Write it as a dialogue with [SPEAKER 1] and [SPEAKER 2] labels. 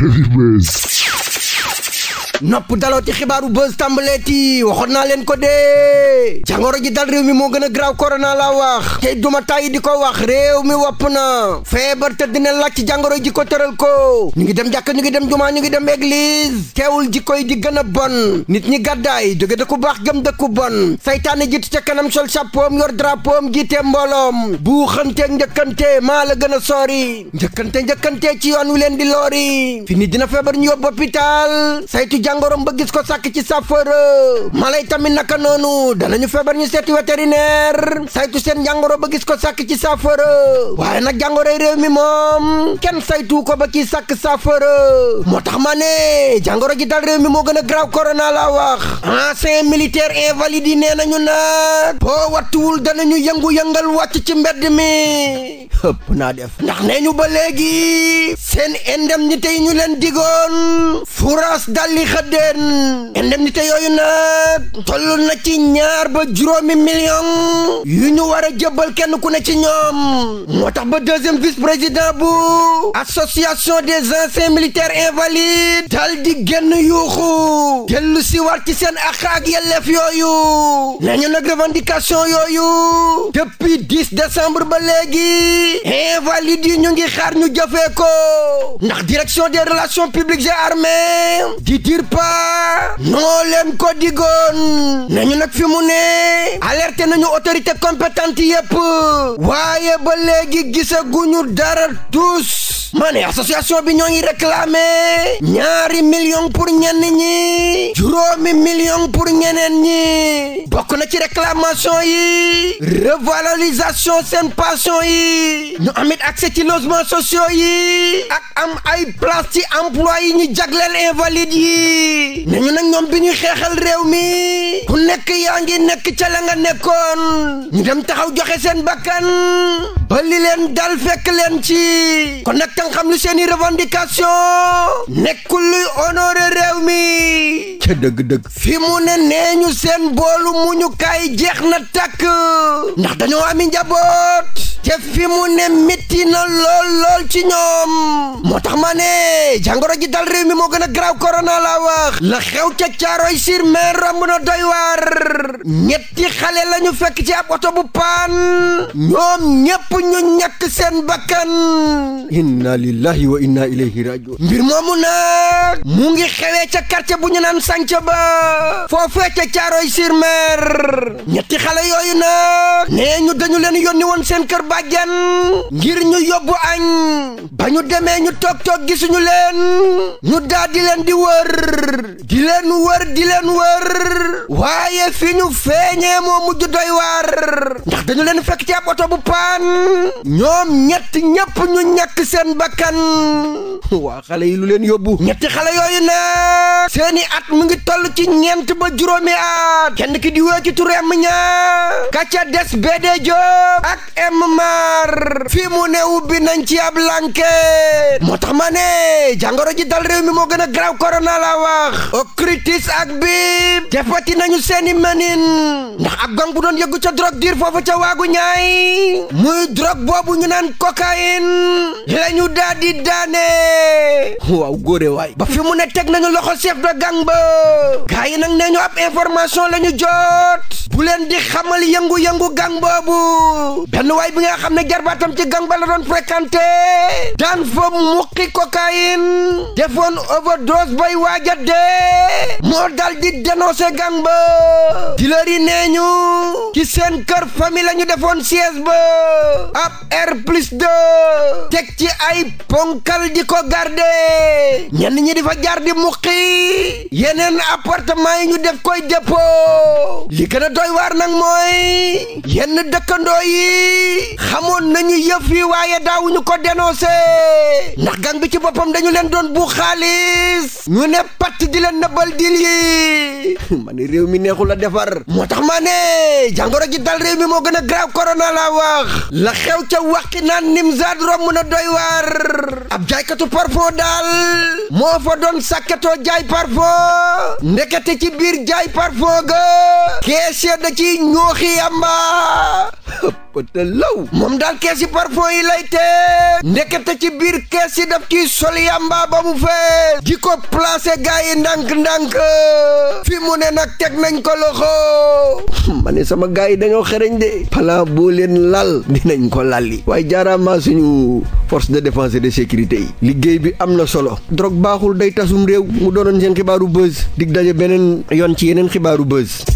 [SPEAKER 1] Heavy Bass. nopp daloo ci xibaaru buzz tàmbaleeti waxoon naa leen ko dee jàngoro ji dal réew mi moo gën a graaw korona laa wax tey duma tàyyi di ko wax réew mi wopp na feebar te dina laaj ci jàngoro ji ko tëral ko ñu ngi dem jàkk ñu ngi dem jumaa ñu ngi dem église teewul ji koy di gën a bon nit ñi gàddaay jóge ku baax gëm dëkku bon saytaane jiitu ca kanam sol chapeau yor drapeau jiite mbooloom buuxante njëkkante maa la gën a sori njëkkante njëkkante ci yoon wi leen di dina feebar ñu jàngorom ba gis ko sàkk ci saafara mala yi tamit naka noonu danañu feebar ñu seeti vétérinaire saytu seen jàngoro ba gis ko sàkk ci saafara waaye nag mi moom kenn saytu ko ba kii sàkk saafara moo tax ma ne jàngoro ji dal réew mi moo gën a grave corona laa wax ancien militaire invalide yi nee nañu nag boo wattuwul danañu yëngu-yëngal wàcc ci mbedd mi ëpp naa def ndax nee ñu ba léegi seen indemnité yi ñu leen digoon furaas dalli haddeen indemnité yooyu nag toll na ci ñaar ba juróomi million yu ñu war a jëbbal kenn ku ne ci ñoom moo tax ba deuxième vice président bu association des anciens militaires invalides dal di génn yuuxu dellu si waat ci seen àq ak yelleef yooyu nañu nag revendication yooyu depuis 10 décembre ba léegi invalides yi ñu ngi xaar ñu jëfee ko ndax direction des relations publiques et armées di dir départ noo leen ko digoon nañu nag fi mu ne alerté nañu autorité compétente yépp waaye ba léegi gisaguñu dara tous ma ne association bi ñoo ngi réclamer ñaari million pour ñenn ñi juróomi million pour ñeneen ñi bokk na ci réclamation yi revalorisation seen pension yi ñu amit accès ci logement sociaux yi ak am ay place ci emploi yi ñu jagleel invalide yi ne ñu nag ñoom bi ñuy xeexal réew mi ku nekk yi ngi nekk ca la nga ñu dem taxaw joxe seen bakkan ba li leen dal fekk leen ci kon nag askan xam lu seeni revendication nekkul luy honoré réew ca dëgg-dëgg fi mu ne nee ñu seen boolu mu ñu kaay jeex na tàkk ndax dañoo ami njaboot te fi mu ne métti na lool lool ci ñoom moo tax ma ne jàngoro ji dal réew mi gën a garaaw korona laa wax la xew ca caaroy sur mer romb na doy waar ñetti xale la ñu fekk ci ab oto bu paan ñoom ñépp ñu ñàkk seen bakkan inna lillahi wa inna ilayhi rajiun bu ñu naan sànc ba foofee ca caaroy sur mer ñetti xale yooyu nag nee ñu dañu leen yónni woon seen kër bàjjen ngir ñu añ ba ñu demee ñu toog toog gisuñu leen ñu daa di leen di wër di leen wër di leen wër waaye fi ñu feeñee moo mujj doy waar ndax dañu leen fekk ci ab bu paan ñoom ñett ñépp ñu ñàkk seen bakkan waa xale yi lu leen yóbbu ñetti xale yooyu nag seeni at mu ngi toll ci ñeent ba juróomi at kenn ki di wee ci turam ñaa kacca des BD Diop ak Mmar fi mu ne ubbi nañ ci ab lanket moo tax ma ne jàngoro ji dal mi moo gën a graw corona la wax ocritis ak biib defati nañu seeni manin ndax ab bu doon yëggu ca drogue diir foofu ca waagu ñaay muy drogue boobu ñu naan cocaïne lañu daal di daane waaw góore waay ba fi mu ne teg nañu loxo chef de gang ba gaa yi nag nee ñu ab information la ñu jot bu di xamal yëngu-yëngu gang boobu benn waay bi nga xam ne jarbaatam ci gang ba la doon fréquenté daan fa muqi cocaïne defoon overdose bay waaja dee moo dal di dénoncé gang ba dealer yi nee ñu ci seen kër famille la ñu defoon siège ba ab R plus 2 teg ci ay ay ponkal di ko garde ñenn ñi di fa jaar di muqi yeneen appartement yi ñu def koy dépôt li gën a doy waar nag mooy yenn dëkkandoo yi xamoon nañu yëf yi waaye daawuñu ko dénoncé ndax gang bi ci boppam dañu leen doon bu xaalis ñu ne pat di leen nëbbal dil yi ma ne réew mi neexul la defar moo tax maa ne jàngoro ji dal réew mi moo gën a grave corona laa wax la xew ca waxi naan nimzaad romb na doy waar ab jaaykatu parfum daal moo fa doon sàkkatoo jaay parfum ndekete ci biir jaay parfum ga keese da ci ñooxi yamba ko moom daal kees yi parfum yi lay tee ndekete ci biir kees yi daf ciy sol yamba ba mu fees di ko placé gars yi ndànk-ndànk fi mu ne nag teg nañ ko loxo ma ne sama gars yi dañoo xereñ de plan boo leen lal dinañ ko lalli waaye jaaraamaa suñu force de défense de sécurité yi liggéey bi am na solo drogue baaxul day tasum réew mu doonoon seen xibaaru buzz dig daje beneen yoon ci yeneen xibaaru buzz